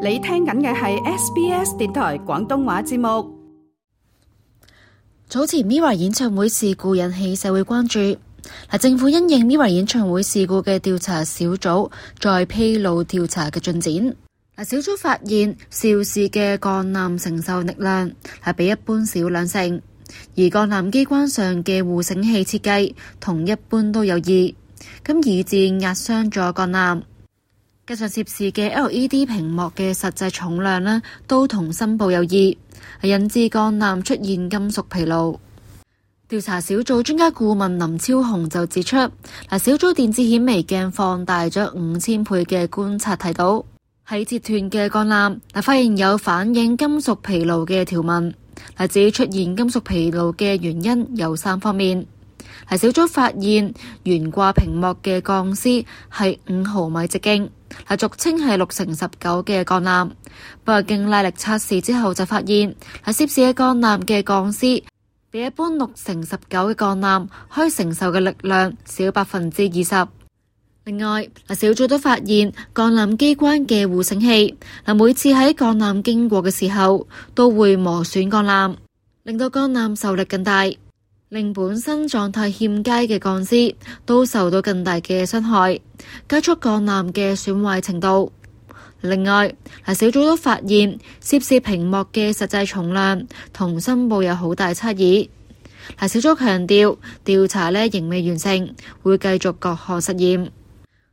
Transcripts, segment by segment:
你聽緊嘅係 SBS 電台廣東話節目。早前 Mirror 演唱會事故引起社會關注，嗱，政府因應 Mirror 演唱會事故嘅調查小組再披露調查嘅進展。嗱，小組發現肇事嘅鋼纜承受力量係比一般少兩成，而鋼纜機關上嘅護繩器設計同一般都有異，咁以致壓傷咗鋼纜。加上涉事嘅 LED 屏幕嘅實際重量呢都同申報有異，引致鋼纜出現金屬疲勞。調查小組專家顧問林超雄就指出，嗱，小組電子顯微鏡放大咗五千倍嘅觀察，提到喺折斷嘅鋼纜，發現有反映金屬疲勞嘅條紋。嗱，至於出現金屬疲勞嘅原因，有三方面。係小組發現懸掛屏幕嘅鋼絲係五毫米直徑，係俗稱係六乘十九嘅鋼纜。不過經拉力測試之後就發現係涉事嘅鋼纜嘅鋼絲比一般六乘十九嘅鋼纜可以承受嘅力量少百分之二十。另外，係小組都發現鋼纜機關嘅護繩器，嗱每次喺鋼纜經過嘅時候都會磨損鋼纜，令到鋼纜受力更大。令本身狀態欠佳嘅鋼絲都受到更大嘅傷害，加速鋼纜嘅損壞程度。另外，嗱小組都發現涉事屏幕嘅實際重量同申報有好大差異。嗱，小組強調調查咧仍未完成，會繼續各項實驗。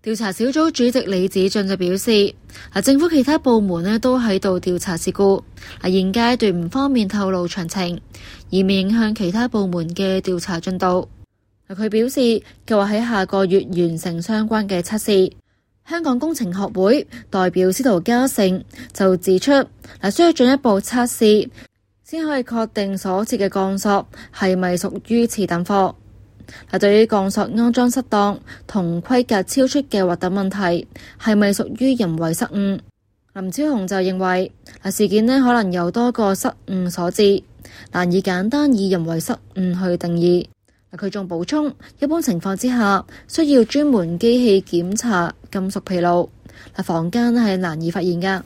調查小組主席李子俊就表示，政府其他部門咧，都喺度調查事故，嗱，現階段唔方便透露詳情，以免影響其他部門嘅調查進度。佢表示，計劃喺下個月完成相關嘅測試。香港工程學會代表司徒嘉盛就指出，需要進一步測試，先可以確定所設嘅鋼索係咪屬於次等貨。嗱，對於鋼索安裝失當同規格超出嘅或等問題，係咪屬於人為失誤？林超雄就認為，嗱，事件咧，可能有多個失誤所致，難以簡單以人為失誤去定義。佢仲補充，一般情況之下需要專門機器檢查金屬疲勞，嗱，房間係難以發現㗎。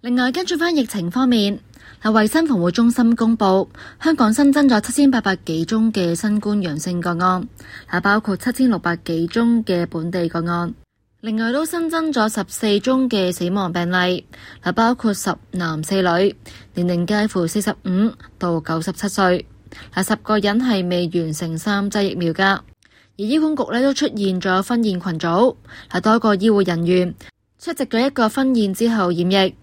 另外，跟住返疫情方面，喺衛生防護中心公布香港新增咗七千八百幾宗嘅新冠陽性個案，啊，包括七千六百幾宗嘅本地個案。另外，都新增咗十四宗嘅死亡病例，包括十男四女，年齡介乎四十五到九十七歲，啊，十個人係未完成三劑疫苗噶。而醫管局咧都出現咗婚宴群組，啊，多個醫護人員出席咗一個婚宴之後染疫。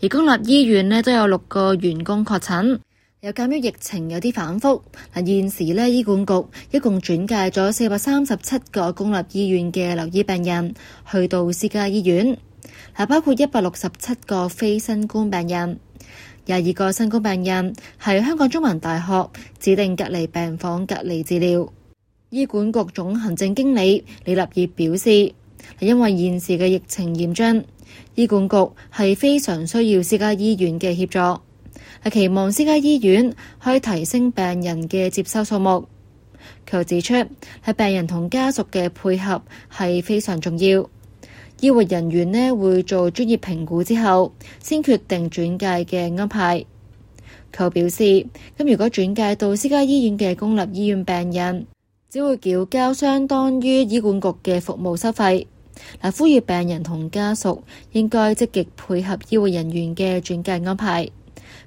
而公立醫院咧都有六個員工確診，又鑒於疫情有啲反覆，嗱現時咧醫管局一共轉介咗四百三十七個公立醫院嘅留醫病人去到私家醫院，嗱包括一百六十七個非新冠病人，廿二個新冠病人喺香港中文大學指定隔離病房隔離治療。醫管局總行政經理李立業表示，因為現時嘅疫情嚴峻，醫管局係非常需要私家醫院嘅協助，係期望私家醫院可以提升病人嘅接收數目。佢又指出，係病人同家屬嘅配合係非常重要。醫護人員呢會做專業評估之後，先決定轉介嘅安排。佢表示，咁如果轉介到私家醫院嘅公立醫院病人，只會繳交相當於醫管局嘅服務收費。嗱，呼籲病人同家屬應該積極配合醫護人員嘅轉介安排，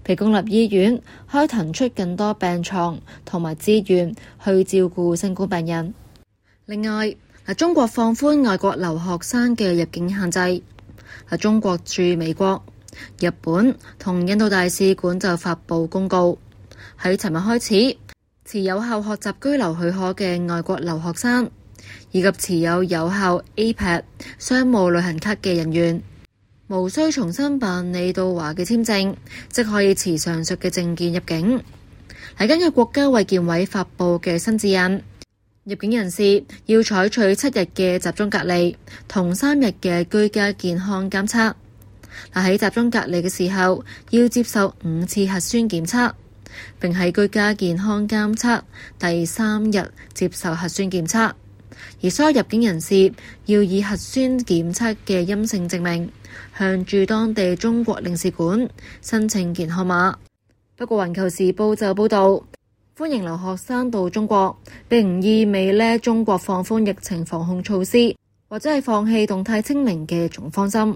俾公立醫院開騰出更多病床同埋資源去照顧新冠病人。另外，嗱，中國放寬外國留學生嘅入境限制，喺中國駐美國、日本同印度大使館就發布公告，喺尋日開始持有效學習居留許可嘅外國留學生。以及持有有效 APEC 商務旅行卡嘅人員，無需重新辦理到華嘅簽證，即可以持上述嘅證件入境。係根據國家衛健委發布嘅新指引，入境人士要採取七日嘅集中隔離同三日嘅居家健康監測。嗱，喺集中隔離嘅時候要接受五次核酸檢測，並喺居家健康監測第三日接受核酸檢測。而所有入境人士要以核酸檢測嘅陰性證明，向駐當地中國領事館申請健康碼。不過《環球時報》就報道，歡迎留學生到中國，並唔意味咧中國放寬疫情防控措施，或者係放棄動態清零嘅總方針。